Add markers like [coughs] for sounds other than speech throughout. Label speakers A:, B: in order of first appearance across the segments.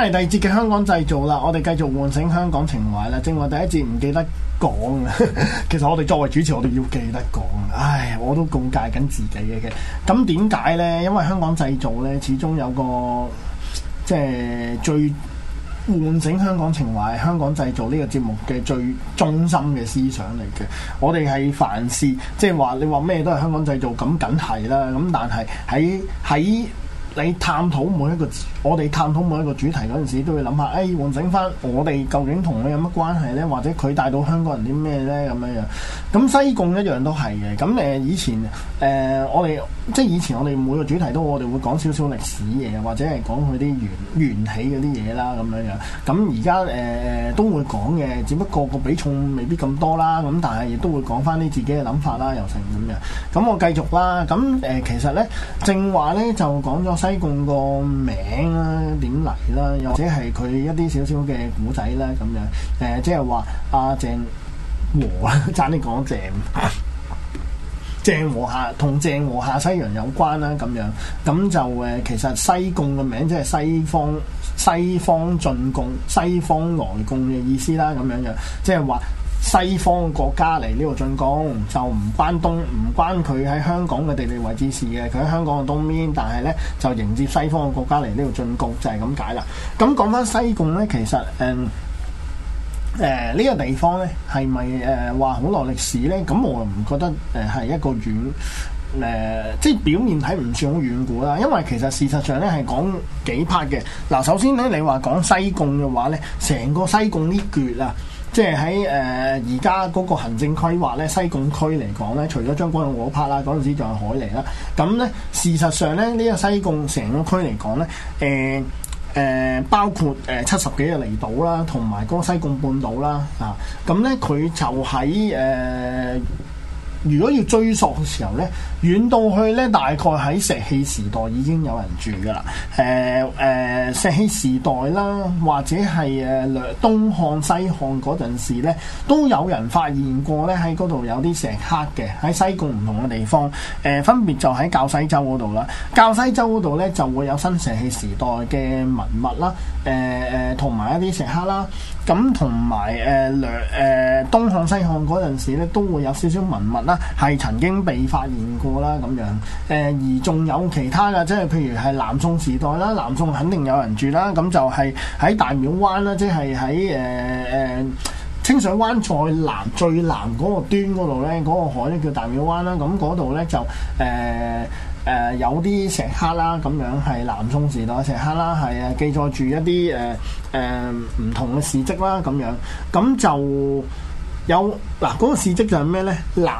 A: 翻嚟第二節嘅香港製造啦，我哋繼續喚醒香港情懷啦。正話第一節唔記得講，其實我哋作為主持，我哋要記得講。唉，我都告誡緊自己嘅嘅。咁點解呢？因為香港製造呢，始終有個即係最喚醒香港情懷、香港製造呢個節目嘅最中心嘅思想嚟嘅。我哋係凡事，即係話你話咩都係香港製造，咁梗係啦。咁但係喺喺。你探討每一個，我哋探討每一個主題嗰陣時，都會諗下，哎，喚醒翻我哋究竟同佢有乜關係呢？或者佢帶到香港人啲咩呢？」咁樣樣。咁西貢一樣都係嘅。咁誒，以前誒、呃、我哋即係以前我哋每個主題都我哋會講少少歷史嘢，或者係講佢啲原源起嗰啲嘢啦，咁樣樣。咁而家誒都會講嘅，只不過個比重未必咁多啦。咁但係亦都會講翻你自己嘅諗法啦，又成咁樣。咁我繼續啦。咁誒、呃，其實呢，正話呢，就講咗西西貢個名啦，點嚟啦？又或者係佢一啲少少嘅古仔啦，咁樣誒，即係話阿鄭和啊，差啲講鄭鄭和下同鄭和下西洋有關啦，咁樣咁就誒，其實西貢個名即係西方西方進貢、西方來貢嘅意思啦，咁樣樣即係話。就是西方國家嚟呢度進攻就唔關東唔關佢喺香港嘅地理位置事嘅，佢喺香港嘅東面，但係呢，就迎接西方嘅國家嚟呢度進攻就係、是、咁解啦。咁、嗯、講返西貢呢，其實誒誒呢個地方呢，係咪誒話好耐歷史呢？咁、嗯、我唔覺得誒係、呃、一個遠誒、呃，即係表面睇唔算好遠古啦。因為其實事實上呢係講幾拍嘅。嗱，首先呢，你話講西貢嘅話呢，成個西貢呢橛啊！即係喺誒而家嗰個行政規劃咧，西貢區嚟講咧，除咗將軍澳 part 啦，嗰陣時仲係海嚟啦。咁咧事實上咧，呢、這個西貢成個區嚟講咧，誒、呃、誒、呃、包括誒七十幾個離島啦，同埋嗰個西貢半島啦啊。咁咧佢就喺誒。呃如果要追溯嘅時候咧，遠到去咧，大概喺石器時代已經有人住噶啦。誒、呃、誒、呃，石器時代啦，或者係誒、呃、東漢西漢嗰陣時咧，都有人發現過咧喺度有啲石刻嘅，喺西貢唔同嘅地方。誒、呃、分別就喺滘西洲嗰度啦，滘西洲嗰度咧就會有新石器時代嘅文物啦。誒誒同埋一啲石刻啦。咁同埋誒誒東漢西漢嗰陣時咧，都會有少少文物。啦，係曾經被發現過啦咁樣，誒，而仲有其他嘅，即係譬如係南宋時代啦，南宋肯定有人住啦，咁就係喺大廟灣啦，即係喺誒誒清水灣再南最南嗰個端嗰度咧，嗰、嗰個海咧叫大廟灣啦，咁嗰度咧就誒誒、呃呃、有啲石刻啦，咁樣係南宋時代石刻啦，係啊記載住一啲誒誒唔同嘅事蹟啦，咁樣咁就。有嗱嗰、啊那個事蹟就係咩呢？南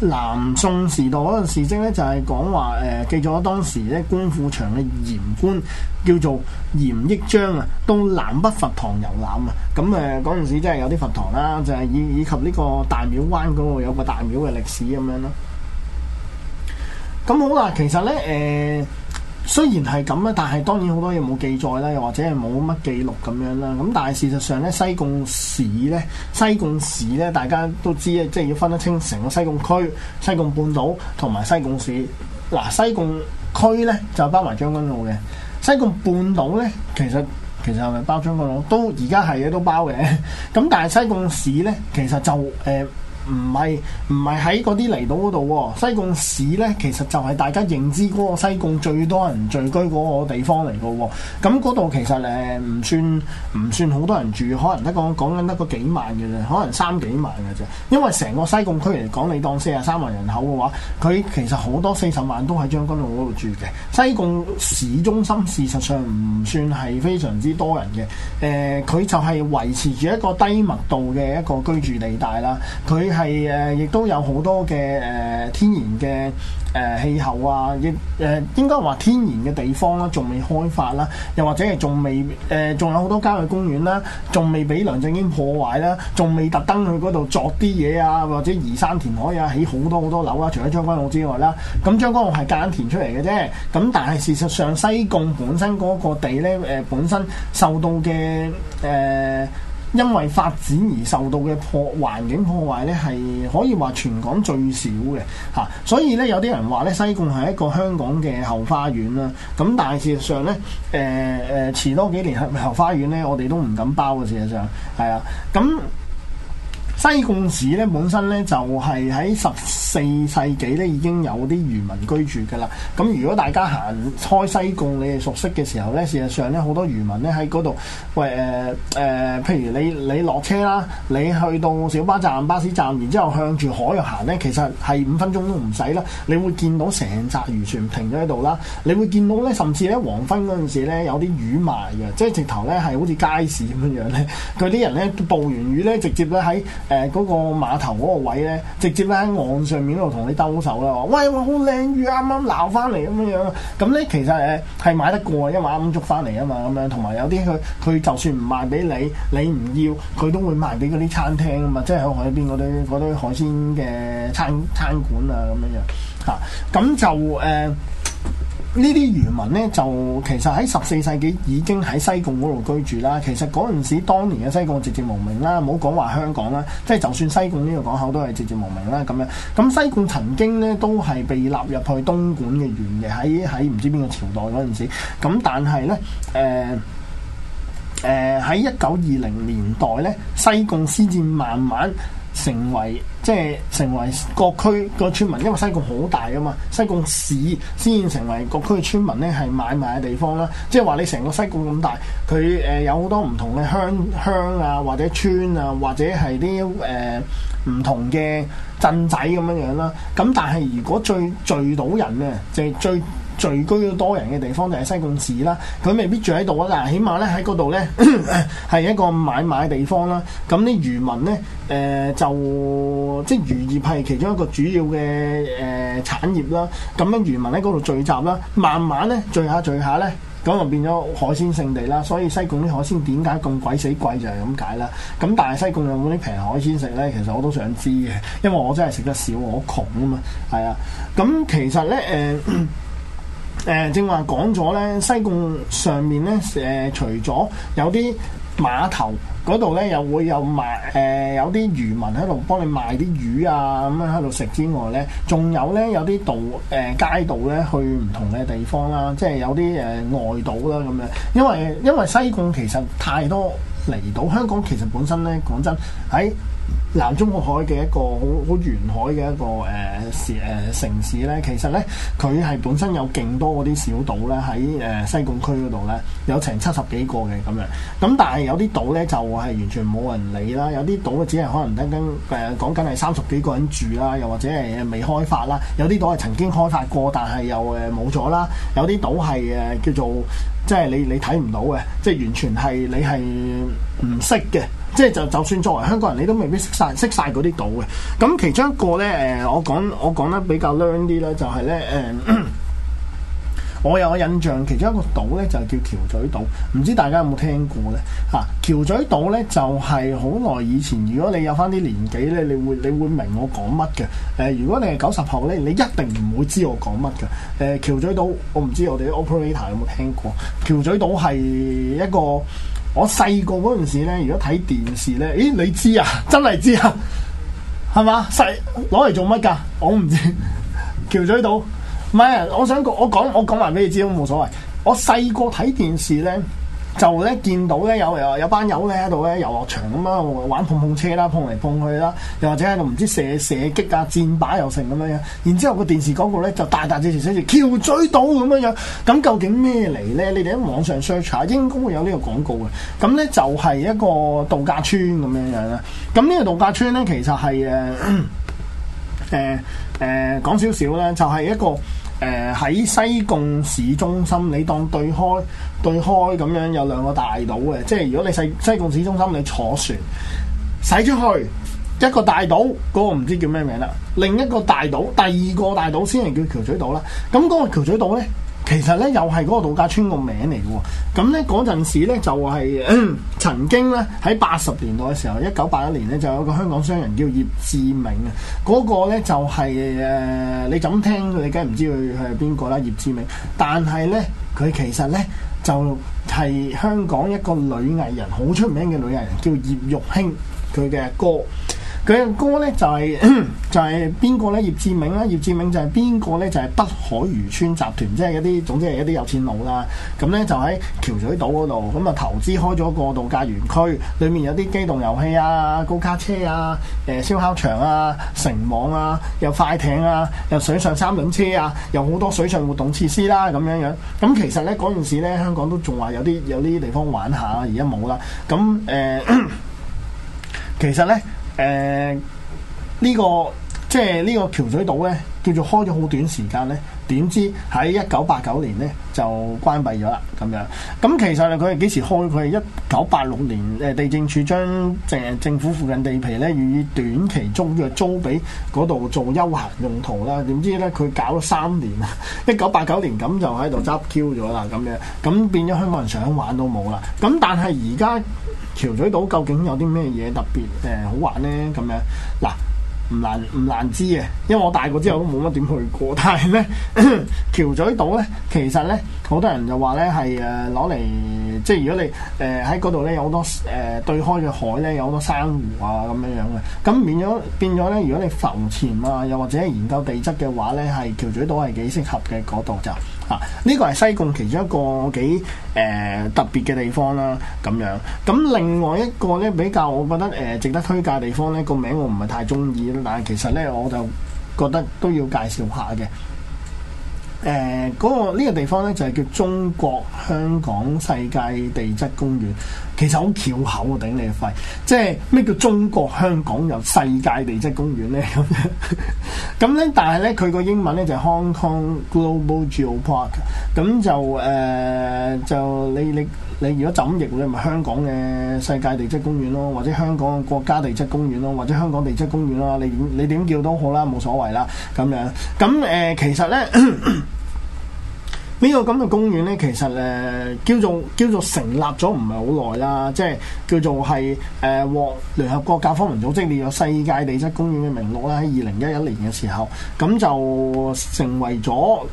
A: 南宋時代嗰陣事蹟呢，就係講話誒，記咗當時呢官府場嘅鹽官叫做嚴益章啊，到南北佛堂遊覽啊，咁誒嗰陣時真係有啲佛堂啦、啊，就係、是、以以及呢個大廟灣嗰個有個大廟嘅歷史咁樣咯，啊。咁好啦，啊，其實呢。誒、呃。雖然係咁啦，但係當然好多嘢冇記載啦，又或者係冇乜記錄咁樣啦。咁但係事實上咧，西貢市咧，西貢市咧，大家都知咧，即係要分得清成個西貢區、西貢半島同埋西貢市。嗱，西貢區咧就包埋將軍澳嘅，西貢半島咧其實其實係咪包將軍澳？都而家係嘅都包嘅。咁但係西貢市咧，其實就誒。呃唔係，唔係喺嗰啲離島嗰度喎，西貢市呢，其實就係大家認知嗰個西貢最多人聚居嗰個地方嚟嘅喎。咁嗰度其實誒唔算唔算好多人住，可能得講講緊得個幾萬嘅啫，可能三幾萬嘅啫。因為成個西貢區嚟講，你當四啊三萬人口嘅話，佢其實好多四十萬都喺將軍澳嗰度住嘅。西貢市中心事實上唔算係非常之多人嘅，誒、呃、佢就係維持住一個低密度嘅一個居住地帶啦，佢。係誒，亦、呃、都有好多嘅誒、呃、天然嘅誒氣候啊，亦、呃、誒應該話天然嘅地方啦，仲未開發啦，又或者係仲未誒，仲、呃、有好多郊野公園啦，仲未俾梁振英破壞啦，仲未特登去嗰度作啲嘢啊，或者移山填海啊，起好多好多樓啊，除咗將軍澳之外啦，咁將軍澳係間填出嚟嘅啫。咁但係事實上，西貢本身嗰個地咧誒、呃，本身受到嘅誒。呃因為發展而受到嘅破環境破壞咧，係可以話全港最少嘅嚇、啊。所以咧，有啲人話咧，西貢係一個香港嘅後花園啦。咁、啊、但係事實上咧，誒、呃、誒遲多幾年係咪後花園咧？我哋都唔敢包嘅。事實上係啊，咁、嗯。西貢市咧，本身咧就係喺十四世紀咧已經有啲漁民居住噶啦。咁如果大家行開西貢你哋熟悉嘅時候咧，事實上咧好多漁民咧喺嗰度，喂誒誒、呃，譬如你你落車啦，你去到小巴站、巴士站，然之後向住海度行咧，其實係五分鐘都唔使啦。你會見到成紮漁船停咗喺度啦，你會見到咧，甚至咧黃昏嗰陣時咧有啲魚賣嘅，即係直頭咧係好似街市咁樣咧。佢啲人咧捕完魚咧，直接咧喺誒嗰個碼頭嗰個位咧，直接喺岸上面度同你兜手啦，喂，喂，好靚魚，啱啱撈翻嚟咁樣，咁咧其實誒係買得過，因為啱啱捉翻嚟啊嘛，咁樣，同埋有啲佢佢就算唔賣俾你，你唔要，佢都會賣俾嗰啲餐廳啊嘛，即係喺海邊嗰堆海鮮嘅餐餐館啊咁樣，嚇，咁就誒。呃呢啲漁民呢，就其實喺十四世紀已經喺西貢嗰度居住啦。其實嗰陣時，當年嘅西貢籍籍無名啦，唔好講話香港啦，即係就算西貢呢個港口都係籍籍無名啦。咁樣，咁西貢曾經呢，都係被納入去東莞嘅縣嘅，喺喺唔知邊個朝代嗰陣時。咁但係呢，誒誒喺一九二零年代呢，西貢先至慢慢。成為即係成為各區個村民，因為西貢好大啊嘛，西貢市先至成為各區嘅村民咧，係買賣嘅地方啦。即係話你成個西貢咁大，佢誒有好多唔同嘅鄉鄉啊，或者村啊，或者係啲誒唔同嘅鎮仔咁樣樣啦。咁但係如果最聚到人咧，就係最。聚居咗多人嘅地方就係、是、西貢市啦。佢未必住喺度啊，嗱，起碼咧喺嗰度咧係一個買賣嘅地方啦。咁啲漁民咧，誒、呃、就即係漁業係其中一個主要嘅誒、呃、產業啦。咁樣漁民喺嗰度聚集啦，慢慢咧聚下聚下咧，咁就變咗海鮮勝地啦。所以西貢啲海鮮點解咁鬼死貴就係咁解啦。咁但係西貢有冇啲平海鮮食咧？其實我都想知嘅，因為我真係食得少，我窮啊嘛，係啊。咁其實咧，誒、呃。咳咳誒正話講咗咧，西貢上面咧誒、呃，除咗有啲碼頭嗰度咧，又會有賣誒、呃，有啲漁民喺度幫你賣啲魚啊，咁樣喺度食之外咧，仲有咧有啲道誒、呃、街道咧，去唔同嘅地方啦、啊，即係有啲誒、呃、外島啦、啊、咁樣。因為因為西貢其實太多離島，香港，其實本身咧講真喺南中國海嘅一個好好沿海嘅一個誒市、呃、城市咧，其實咧佢係本身有勁多嗰啲小島咧喺誒西貢區嗰度咧，有成七十幾個嘅咁樣。咁但係有啲島咧就係、是、完全冇人理啦，有啲島咧只係可能等等誒講緊係三十幾個人住啦，又或者係未開發啦。有啲島係曾經開發過，但係又誒冇咗啦。有啲島係誒叫做即係你你睇唔到嘅，即係完全係你係唔識嘅。即係就就算作為香港人，你都未必識晒識曬嗰啲島嘅。咁其中一個咧，誒我講我講得比較靚啲啦，就係咧，誒我有個印象，其中一個,、呃一就是呃、中一個島咧就叫橋咀島，唔知大家有冇聽過咧？嚇、啊！橋咀島咧就係好耐以前，如果你有翻啲年紀咧，你會你會,你會明我講乜嘅。誒、呃，如果你係九十後咧，你一定唔會知我講乜嘅。誒、呃，橋咀島，我唔知我哋 operator 有冇聽過。橋咀島係一個。我細個嗰陣時咧，如果睇電視咧，咦你知啊，真係知啊，係嘛，細攞嚟做乜噶？我唔知，橋咀島，唔係啊，我想我講我講埋俾你知都冇所謂。我細個睇電視咧。就咧見到咧有有有班友咧喺度咧遊樂場咁啊，玩碰碰車啦，碰嚟碰去啦，又或者喺度唔知射射擊啊、箭靶又成咁樣樣。然之後個電視廣告咧就大大隻字寫住橋咀島咁樣樣。咁究竟咩嚟咧？你哋喺網上 search 下，應該會有呢個廣告嘅。咁咧就係、是、一個度假村咁樣樣啦。咁呢個度假村咧，其實係誒誒誒講少少咧，就係、是、一個誒喺、呃、西貢市中心，你當對開。對開咁樣有兩個大島嘅，即係如果你細西貢市中心你坐船，駛出去一個大島，嗰、那個唔知叫咩名啦，另一個大島，第二個大島先係叫橋嘴島啦。咁、那、嗰個橋咀島咧，其實咧又係嗰個度假村名、那個名嚟嘅喎。咁咧嗰陣時咧就係曾經咧喺八十年代嘅時候，一九八一年咧就有一個香港商人叫葉志明啊。嗰、那個咧就係、是、誒，你咁聽你梗係唔知佢係邊個啦？葉志明，但係咧佢其實咧。就係香港一個女藝人，好出名嘅女藝人，叫葉玉卿，佢嘅歌。佢嘅歌咧就係、是、就係邊個咧？葉志明啦，葉志明就係邊個咧？就係、是、北海漁村集團，即係一啲總之係一啲有錢佬啦、啊。咁咧就喺橋水島橋咀島嗰度，咁啊投資開咗個度假園區，裡面有啲機動遊戲啊、高卡車啊、誒、欸、燒烤場啊、城網啊、有快艇啊、有水上三輪車啊，有好多水上活動設施啦、啊，咁樣樣。咁其實咧嗰陣時咧，香港都仲話有啲有啲地方玩下，而家冇啦。咁誒、呃，其實咧。誒、uh, 這個這個、呢個即係呢個橋水島咧，叫做開咗好短時間咧。點知喺一九八九年咧就關閉咗啦，咁樣咁其實佢係幾時開？佢係一九八六年，誒，地政署將誒政府附近地皮咧，予以短期租約租俾嗰度做休閒用途啦。點知咧佢搞咗三年啊，一九八九年咁就喺度執 Q 咗啦，咁樣咁變咗香港人想玩都冇啦。咁但係而家橋咀島究竟有啲咩嘢特別誒好玩咧？咁樣嗱。唔難唔難知啊，因為我大個之後都冇乜點去過，但係咧， [coughs] 橋咀島咧，其實咧。好多人就話咧，係誒攞嚟，即係如果你誒喺嗰度咧，有好多誒對開嘅海咧，有好多珊瑚啊咁樣樣嘅。咁變咗變咗咧，如果你浮潛啊，又或者研究地質嘅話咧，係橋咀島係幾適合嘅嗰度就啊。呢、這個係西貢其中一個幾誒、呃、特別嘅地方啦、啊。咁樣咁另外一個咧比較，我覺得誒、呃、值得推介嘅地方咧，個名我唔係太中意，但係其實咧我就覺得都要介紹下嘅。誒嗰個呢個地方呢，就係叫中國香港世界地質公園，其實好巧口啊！頂你個肺！即係咩叫中國香港有世界地質公園呢？咁樣咁咧，但係呢，佢個英文呢，就係、Hong Kong Global Geopark，咁就誒、呃、就你你你，你如果就咁譯咧，咪香港嘅世界地質公園咯，或者香港嘅國家地質公園咯，或者香港地質公園咯，你你點叫都好啦，冇所謂啦，咁樣咁誒、呃，其實呢。 [coughs] 呢個咁嘅公園呢，其實誒叫做叫做成立咗唔係好耐啦，即係叫做係誒獲聯合國教科文組織列咗世界地質公園嘅名錄啦。喺二零一一年嘅時候，咁就成為咗。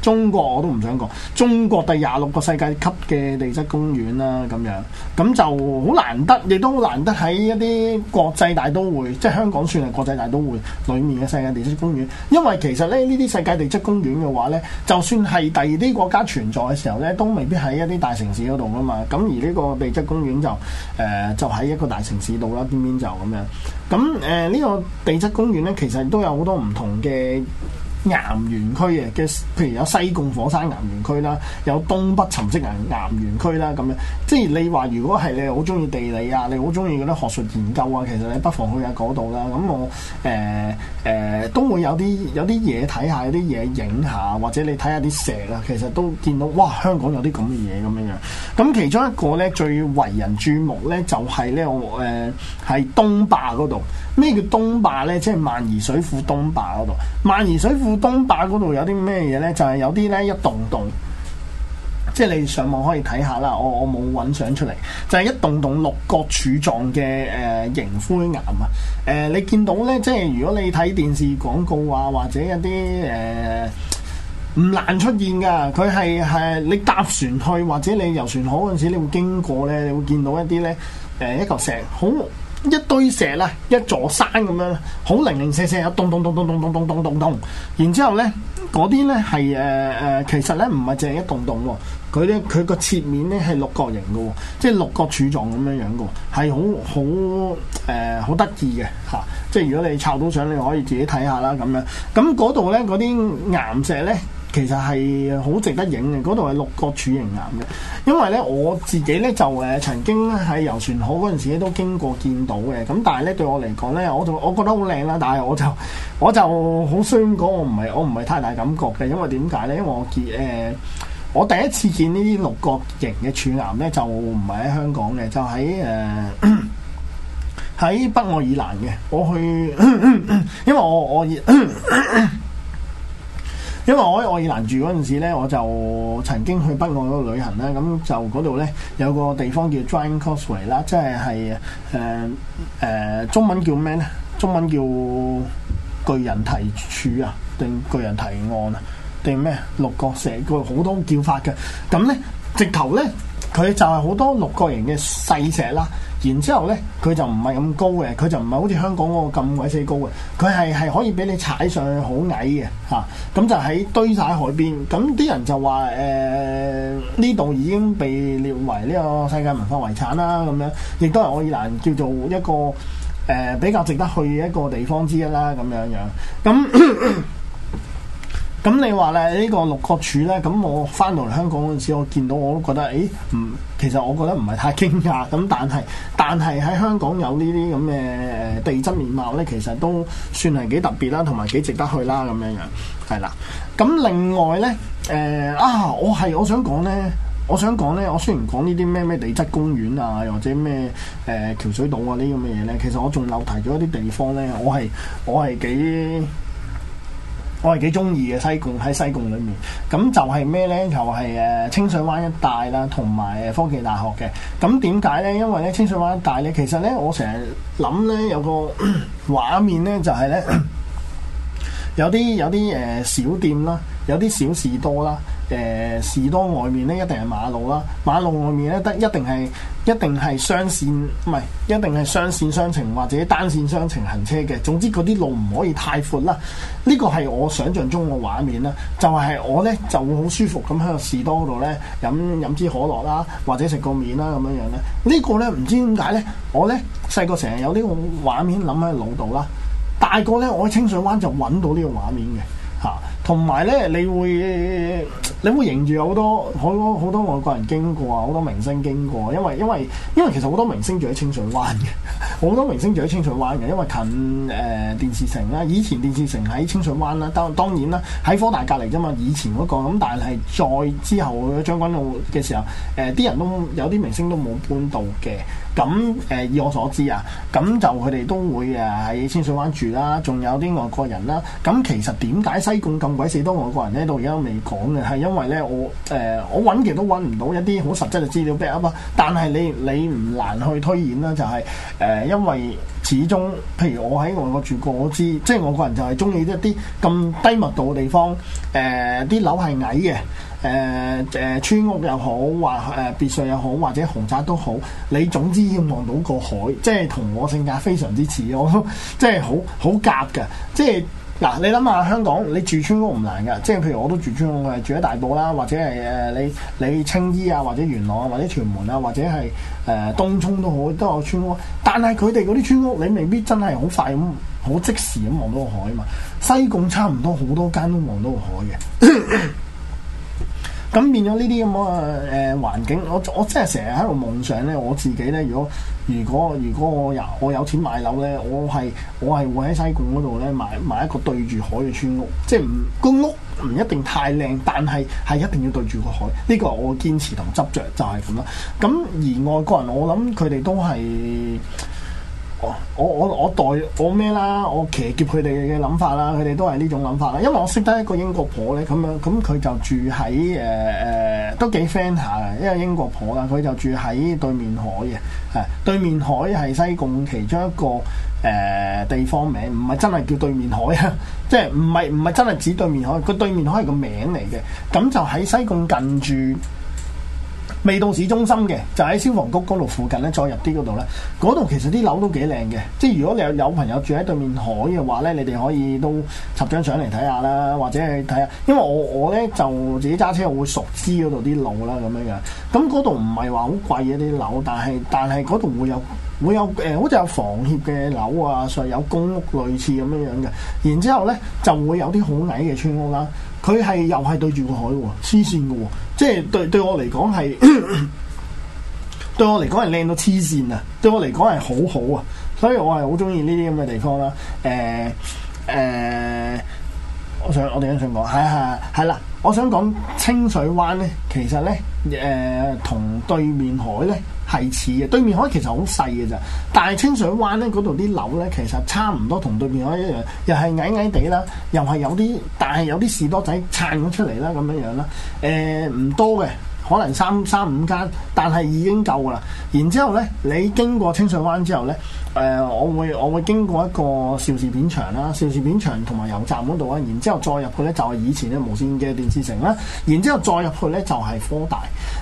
A: 中國我都唔想講，中國第廿六個世界級嘅地質公園啦，咁樣咁就好難得，亦都好難得喺一啲國際大都會，即係香港算係國際大都會裡面嘅世界地質公園。因為其實咧，呢啲世界地質公園嘅話呢，就算係第二啲國家存在嘅時候呢，都未必喺一啲大城市嗰度㗎嘛。咁而呢個地質公園就誒、呃，就喺一個大城市度啦，邊邊就咁樣。咁誒，呢、呃呢個地質公園呢，其實都有好多唔同嘅。岩園區嘅嘅，譬如有西貢火山岩園區啦，有東北沉積岩岩園區啦，咁樣即係你話，如果係你好中意地理啊，你好中意嗰啲學術研究啊，其實你不妨去下嗰度啦。咁我誒誒、呃呃、都會有啲有啲嘢睇下，有啲嘢影下，或者你睇下啲蛇啦。其實都見到哇，香港有啲咁嘅嘢咁樣樣。咁其中一個咧，最為人注目咧，就係、是、咧我誒係、呃、東壩嗰度。咩叫東壩咧？即係萬宜水庫東壩嗰度，萬宜水庫。東壩嗰度有啲咩嘢呢？就係、是、有啲呢，一棟棟，即係你上網可以睇下啦。我我冇搵相出嚟，就係、是、一棟棟六角柱狀嘅誒凝灰岩啊！誒、呃，你見到呢，即係如果你睇電視廣告啊，或者一啲誒唔難出現㗎。佢係係你搭船去或者你遊船河嗰陣時，你會經過呢，你會見到一啲呢，誒、呃、一嚿石好。一堆石啦，一座山咁樣，好零零散散，有咚咚咚咚咚咚咚。洞洞，然之後咧，嗰啲咧係誒誒，其實咧唔係淨係一洞洞喎，佢咧佢個切面咧係六角形嘅喎，即係六角柱狀咁樣樣嘅喎，係好好誒好得意嘅嚇，即係如果你摷到相，你可以自己睇下啦咁樣，咁嗰度咧嗰啲岩石咧。其實係好值得影嘅，嗰度係六角柱形岩嘅。因為咧我自己咧就誒曾經喺遊船河嗰陣時咧都經過見到嘅。咁但係咧對我嚟講咧，我就我覺得好靚啦。但係我就我就好衰咁講，我唔係我唔係太大感覺嘅，因為點解咧？因為我見誒、呃、我第一次見呢啲六角形嘅柱岩咧，就唔係喺香港嘅，就喺誒喺北愛爾蘭嘅。我去，因為我我。因為我喺愛爾蘭住嗰陣時咧，我就曾經去北岸嗰度旅行咧，咁就嗰度咧有個地方叫 Giant's Causeway 啦，即係係誒誒中文叫咩咧？中文叫巨人堤柱啊，定巨人堤岸啊，定咩六角石，個好多叫法嘅。咁咧直頭咧佢就係好多六角形嘅細石啦。然之後咧，佢就唔係咁高嘅，佢就唔係好似香港嗰個咁鬼死高嘅，佢係係可以俾你踩上去好矮嘅嚇。咁、啊、就喺堆晒喺海邊，咁啲人就話誒，呢、呃、度已經被列為呢個世界文化遺產啦。咁樣亦都係愛爾蘭叫做一個誒、呃、比較值得去嘅一個地方之一啦。咁樣樣咁咁你話咧呢、這個六角柱咧，咁我翻到嚟香港嗰陣時，我見到我都覺得誒唔。欸嗯其實我覺得唔係太驚訝咁，但係但係喺香港有呢啲咁嘅地質面貌呢，其實都算係幾特別啦，同埋幾值得去啦咁樣樣，係啦。咁另外呢，誒、呃、啊，我係我想講呢，我想講呢，我雖然講呢啲咩咩地質公園啊，又或者咩誒、呃、橋水島啊呢啲咁嘅嘢呢，其實我仲漏提咗一啲地方呢，我係我係幾。我係幾中意嘅西貢，喺西貢裏面，咁就係咩呢？就係誒清水灣一帶啦，同埋科技大學嘅。咁點解呢？因為咧清水灣一帶咧，其實咧我成日諗咧有個畫 [coughs] 面咧，就係咧有啲有啲誒小店啦，有啲小事多啦。誒、呃、士多外面咧一定係馬路啦，馬路外面咧得一定係一定係雙線，唔係一定係雙線雙程或者單線雙程行車嘅。總之嗰啲路唔可以太闊啦。呢、這個係我想像中嘅畫面啦，就係、是、我咧就會好舒服咁喺個士多度咧飲飲支可樂啦，或者食、這個麵啦咁樣樣咧。呢個咧唔知點解咧，我咧細個成日有呢個畫面諗喺腦度啦，大個咧我喺清水灣就揾到呢個畫面嘅。嚇，同埋咧，你會你會迎住好多好多好多外國人經過啊，好多明星經過，因為因為因為其實好多明星住喺清水灣嘅，好 [laughs] 多明星住喺清水灣嘅，因為近誒、呃、電視城啦。以前電視城喺清水灣啦，當然當然啦，喺科大隔籬啫嘛。以前嗰、那個咁，但係再之後將軍澳嘅時候，誒、呃、啲人都有啲明星都冇搬到嘅。咁誒、呃、以我所知啊，咁就佢哋都會誒喺清水灣住啦，仲有啲外國人啦。咁其實點解西貢咁鬼死多外國人咧？到而家都未講嘅係因為咧，我誒、呃、我揾其都揾唔到一啲好實質嘅資料 back up 啊，但係你你唔難去推演啦、就係，就係誒因為始終譬如我喺外國住過，我知即係外國人就係中意一啲咁低密度嘅地方，誒、呃、啲樓係矮嘅。誒誒、呃呃，村屋又好，或誒、呃、別墅又好，或者豪宅都好，好，你總之要望到個海，即係同我性格非常之似，我都即係好好夾嘅。即係嗱，你諗下香港，你住村屋唔難噶，即係譬如我都住村屋，住喺大埔啦，或者係誒你你青衣啊，或者元朗啊，或者屯門啊，或者係誒、呃、東涌都好，都有村屋。但係佢哋嗰啲村屋，你未必真係好快咁，好即時咁望到個海嘛。西貢差唔多好多間都望到個海嘅。 [laughs] 咁變咗呢啲咁嘅誒環境，我我真係成日喺度夢想咧，我自己咧，如果如果如果我有我有錢買樓咧，我係我係會喺西貢嗰度咧買買一個對住海嘅村屋，即係唔、個屋唔一定太靚，但係係一定要對住個海，呢個我堅持同執着就係咁啦。咁而外國人，我諗佢哋都係。我我我代我咩啦？我騎劫佢哋嘅諗法啦，佢哋都係呢種諗法啦。因為我識得一個英國婆咧，咁樣咁佢就住喺誒誒都幾 friend 下、啊、嘅，一個英國婆啦，佢就住喺對面海嘅，係、啊、對面海係西貢其中一個誒、呃、地方名，唔係真係叫對面海啊， [laughs] 即係唔係唔係真係指對面海，佢對面海係個名嚟嘅，咁就喺西貢近住。未到市中心嘅，就喺消防局嗰度附近咧，再入啲嗰度咧，嗰度其實啲樓都幾靚嘅。即係如果你有有朋友住喺對面海嘅話咧，你哋可以都插張相嚟睇下啦，或者係睇下，因為我我咧就自己揸車，我會熟知嗰度啲路啦咁樣嘅。咁嗰度唔係話好貴嘅啲樓，但係但係嗰度會有會有誒、呃，好似有房協嘅樓啊，仲有公屋類似咁樣樣嘅。然之後咧就會有啲好矮嘅村屋啦、啊。佢係又係對住個海喎，黐線嘅喎，即係對對我嚟講係，對我嚟講係靚到黐線啊！對我嚟講係好好啊，所以我係好中意呢啲咁嘅地方啦。誒、呃、誒、呃，我想我哋想講，係係係啦，我想講清水灣咧，其實咧誒同對面海咧。係似嘅，對面海其實好細嘅咋。但係清水灣咧，嗰度啲樓咧，其實差唔多同對面海一樣，又係矮矮地啦，又係有啲，但係有啲士多仔撐咗出嚟啦，咁樣樣啦，誒、呃、唔多嘅。可能三三五間，但係已經夠噶啦。然之後呢，你經過清水灣之後呢，誒、呃，我會我會經過一個邵氏片場啦，邵氏片場同埋油站嗰度啊。然之後再入去呢，就係、是、以前嘅無線嘅電視城啦。然之後再入去呢，就係、是、科大。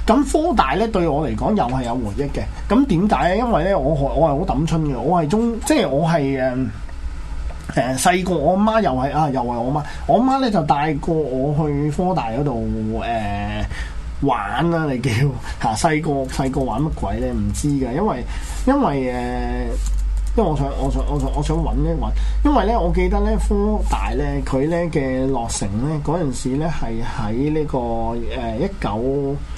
A: 咁科大呢，對我嚟講又係有回憶嘅。咁點解咧？因為呢，我我係好揼春嘅，我係中，即係我係誒誒細個，呃、我媽又係啊，又係我媽。我媽呢就帶過我去科大嗰度誒。呃玩啊，你叫吓細個細個玩乜鬼咧？唔知㗎。因為因為誒，因為我想我想我想我想揾一揾，因為咧我記得咧科大咧佢咧嘅落成咧嗰陣時咧係喺呢個誒一九。呃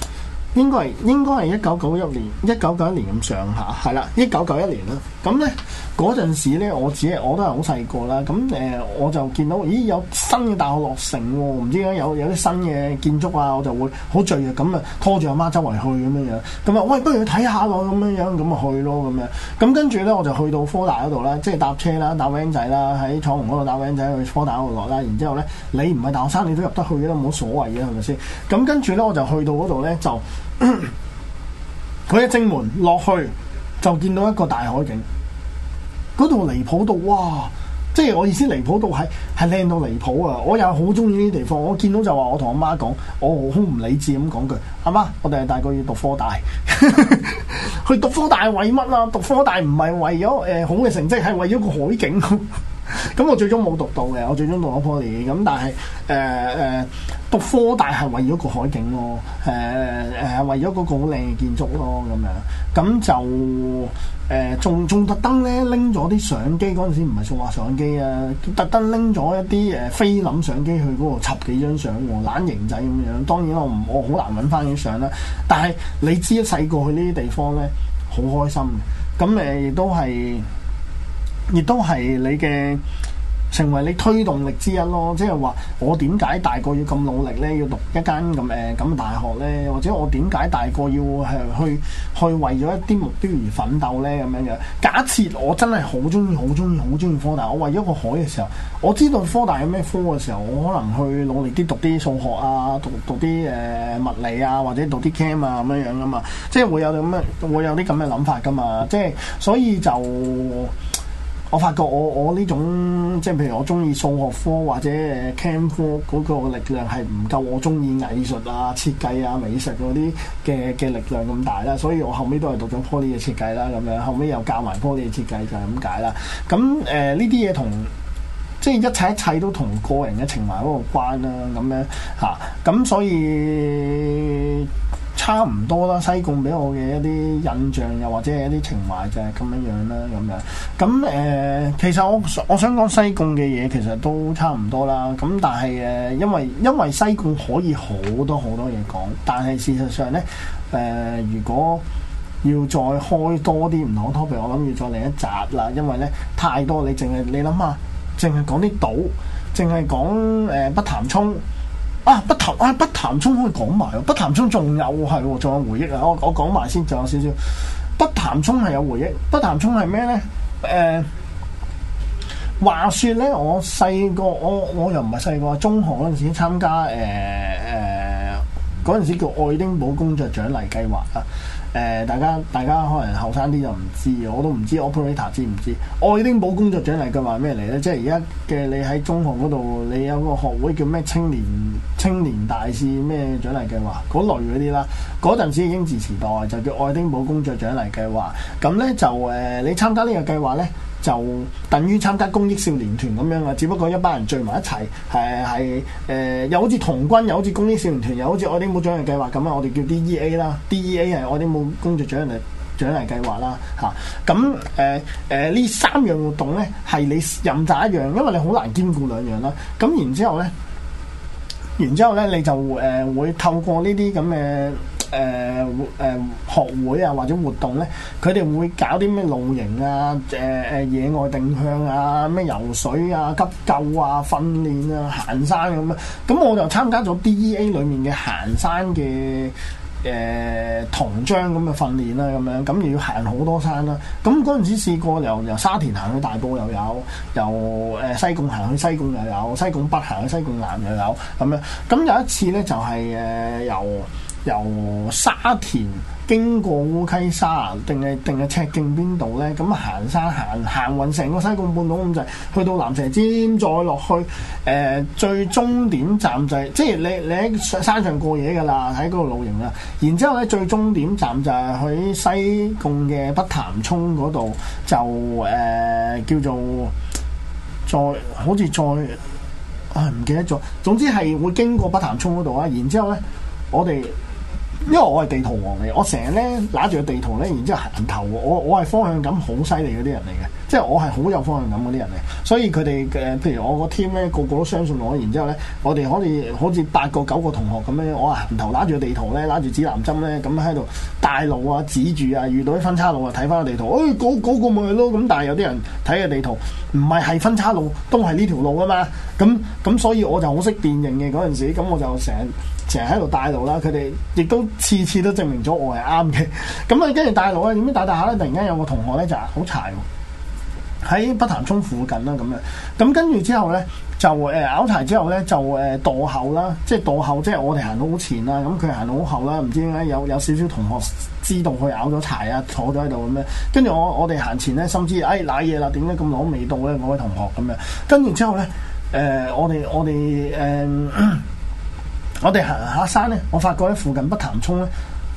A: 應該係應該係一九九一年，一九九一年咁上下係啦，一九九一年啦。咁咧嗰陣時咧我自己我都係好細個啦，咁誒，我就見到咦，有新嘅大學落成喎，唔知點解有有啲新嘅建築啊，我就會好醉啊，咁啊，拖住阿媽周圍去咁樣樣咁啊，喂不如去睇下咯，咁樣樣咁啊，去咯，咁樣咁。跟住咧我就去到科大嗰度啦，即係搭車啦搭 van 仔啦，喺彩虹嗰度搭 van 仔去科大嗰度落啦，然之後咧，你唔係大學生你都入得去嘅，都冇所謂嘅。係咪先？咁跟住咧我就去到嗰度咧就。佢 [coughs] 一，正門落去就見到一個大海景，嗰度離譜到哇！即係我意思離譜到係係靚到離譜啊！我又好中意呢啲地方，我見到就話我同我媽講，我好唔理智咁講句係嘛，啊？我哋係大概要讀科大， [laughs] 去讀科大為乜啊？讀科大唔係為咗誒、呃、好嘅成績，係為咗個海景。 [laughs] 咁我最終冇讀到嘅，我最終讀咗 Poly。咁但係誒誒讀科大係為咗個海景咯，誒誒係為咗嗰個好靚嘅建築咯，咁樣。咁就誒仲仲特登咧拎咗啲相機，嗰陣時唔係數碼相機啊，特登拎咗一啲誒、呃、菲林相機去嗰度插幾張相喎，懶型仔咁樣。當然我唔，我好難揾翻啲相啦。但係你知一細個去呢啲地方咧，好開心嘅。咁誒、呃、都係。亦都係你嘅成為你推動力之一咯，即係話我點解大個要咁努力咧？要讀一間咁誒咁嘅大學咧？或者我點解大個要係去去，去為咗一啲目標而奮鬥咧？咁樣樣，假設我真係好中意、好中意、好中意科大，我為咗個海嘅時候，我知道科大有咩科嘅時候，我可能去努力啲讀啲數學啊，讀讀啲誒物理啊，或者讀啲 cam 啊咁樣樣噶嘛，即係會有咁嘅，會有啲咁嘅諗法噶嘛，即係所以就。我發覺我我呢種即係譬如我中意數學科或者誒 cam 科嗰個力量係唔夠我中意藝術啊設計啊美術嗰啲嘅嘅力量咁大啦，所以我後尾都係讀咗 Poly 嘅設計啦咁樣，後尾又教埋 Poly 嘅設計就係咁解啦。咁誒呢啲嘢同即係一切一切都同個人嘅情懷嗰個關啦，咁樣嚇。咁、啊、所以。差唔多啦，西貢俾我嘅一啲印象，又或者係一啲情懷就係咁樣樣啦，咁樣。咁誒、呃，其實我我想講西貢嘅嘢，其實都差唔多啦。咁但係誒，因為因為西貢可以好多好多嘢講，但係事實上呢，誒、呃、如果要再開多啲唔同 topic，我諗要再嚟一集啦，因為呢太多，你淨係你諗下，淨係講啲島，淨係講誒北潭涌。呃啊，北潭啊，北潭涌可以講埋喎，北潭涌仲有係喎，仲有回憶啊！我我講埋先，仲有少少。北潭涌係有回憶，北潭涌係咩咧？誒、呃，話説咧，我細個，我我又唔係細個，中學嗰陣時參加誒誒嗰陣時叫愛丁堡工作獎勵計劃啊。誒、呃，大家大家可能後生啲就唔知，我都唔知 operator 知唔知愛丁堡工作獎勵計劃咩嚟呢？即係而家嘅你喺中學嗰度，你有個學會叫咩青年青年大使咩獎勵計劃，嗰類嗰啲啦，嗰陣時已經係英治時代，就叫愛丁堡工作獎勵計劃。咁呢，就誒、呃，你參加呢個計劃呢。就等於參加公益少年團咁樣啊，只不過一班人聚埋一齊，誒係誒又好似童軍，又好似公益少年團，又好似愛丁堡獎勵計劃咁啊！我哋叫 D E A 啦，D E A 係愛丁堡工作獎勵獎勵計劃啦，嚇、啊！咁誒誒呢三樣活動咧係你任打一樣，因為你好難兼顧兩樣啦。咁然之後咧，然之後咧你就誒、呃、會透過呢啲咁嘅。呃誒活誒學會啊，或者活動咧，佢哋會搞啲咩露營啊、誒、呃、誒野外定向啊、咩游水啊、急救啊、訓練啊、行山咁啊。咁我就參加咗 D E A 裡面嘅行山嘅誒銅章咁嘅訓練啦、啊，咁樣咁又要行好多山啦、啊。咁嗰陣時試過由由沙田行去大埔又有，由誒、呃、西貢行去西貢又有，西貢北行去西貢南又有咁樣。咁有一次咧就係、是、誒、呃、由。由由沙田經過烏溪沙啊，定係定係赤徑邊度咧？咁行山行行運成個西貢半島咁滯，去到蚺蛇尖再落去誒、呃、最終點站就係、是、即係你你喺山上過夜噶啦，喺嗰度露營啦。然之後咧最終點站就係喺西貢嘅北潭涌嗰度，就誒、呃、叫做再好似再啊唔記得咗。總之係會經過北潭涌嗰度啊。然之後咧，我哋因為我係地圖王嚟，我成日咧揦住個地圖咧，然之後行頭，我我係方向感好犀利嗰啲人嚟嘅，即係我係好有方向感嗰啲人嚟，所以佢哋嘅譬如我個 team 咧個個都相信我，然之後咧我哋可以好似八個九個同學咁咧，我行頭揦住個地圖咧，揦住指南針咧，咁喺度帶路啊指住啊，遇到啲分叉路啊，睇翻個地圖，誒，嗰嗰個咪係咯，咁但係有啲人睇嘅地圖唔係係分叉路，都係呢條路啊嘛，咁咁所以我就好識辨認嘅嗰陣時，咁我就成。成日喺度帶路啦，佢哋亦都次次都證明咗我係啱嘅。咁啊，跟住帶路啊，點樣帶大下咧？突然間有個同學咧就係好柴喎，喺北潭涌附近啦咁樣。咁跟住之後咧，就誒拗柴之後咧，就誒墮後啦，即係墮後即係我哋行到好前啦，咁佢行到好後啦，唔知點解有有少少同學知道佢拗咗柴啊，坐咗喺度咁樣。跟住我我哋行前咧，甚至哎賴嘢啦，點解咁耐都未到咧？位同學咁樣。跟住之後咧，誒我哋我哋誒。我哋行下山咧，我發覺喺附近北潭涌咧，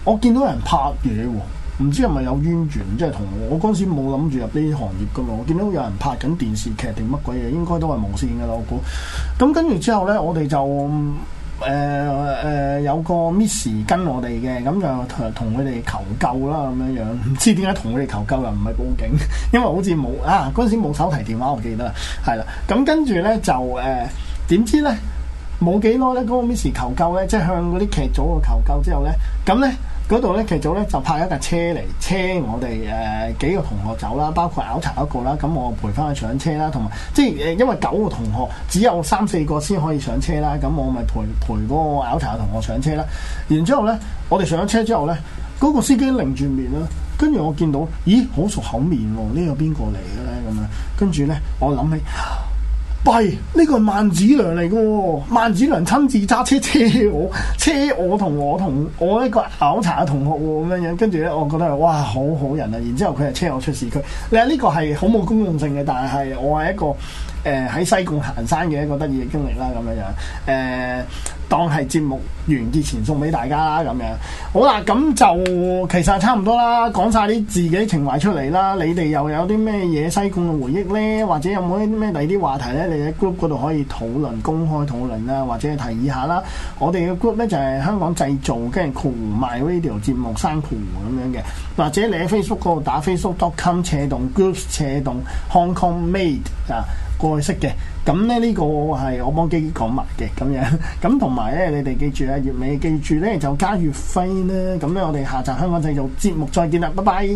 A: 我見到有人拍嘢喎，唔知係咪有淵源，即係同我嗰陣時冇諗住入呢行業噶嘛，我見到有人拍緊電視劇定乜鬼嘢，應該都係無線嘅啦，我估。咁跟住之後咧，我哋就誒誒、呃呃、有個 Miss 跟我哋嘅，咁就同佢哋求救啦咁樣樣，唔知點解同佢哋求救又唔係報警，因為好似冇啊嗰陣時冇手提電話，我記得係啦。咁跟住咧就誒點、呃、知咧？冇幾耐咧，嗰、那個 Miss 求救咧，即係向嗰啲劇組嘅求救之後咧，咁咧嗰度咧劇組咧就派一架車嚟車我哋誒、呃、幾個同學走啦，包括拗柴一個啦，咁我陪返佢上車啦，同埋即係誒，因為九個同學只有三四個先可以上車啦，咁我咪陪陪嗰個拗柴同學上車啦。然之後咧，我哋上咗車之後咧，嗰、那個司機擰住面啦，跟住我見到，咦，好熟口面喎，啊，這個，呢個邊個嚟嘅咧咁樣，跟住咧我諗起。弊，呢個係萬子良嚟嘅喎，萬子良親自揸車車我，車我同我同我一個考察嘅同學喎咁樣樣，跟住咧我覺得係哇，好好人啊，然之後佢係車我出市區，你話呢個係好冇公共性嘅，但係我係一個誒喺、呃、西貢行山嘅一個得意嘅經歷啦咁樣樣誒。呃當係節目完結前送俾大家啦咁樣，好啦，咁就其實差唔多啦，講晒啲自己情懷出嚟啦。你哋又有啲咩嘢西貢嘅回憶呢？或者有冇啲咩第啲話題呢？你喺 group 嗰度可以討論公開討論啦，或者提議下啦。我哋嘅 group 呢，就係、是、香港製造跟住 Cool My Video 節目生 cool 咁樣嘅，或者你喺 Facebook 嗰度打 Facebook.com 斜棟 groups 斜棟 Hong Kong Made 啊。過去式嘅，咁咧，呢個係我幫基基講埋嘅咁樣，咁同埋咧，你哋記住咧，月尾記住咧就加月費啦，咁咧我哋下集香港製造節目再見啦，拜拜。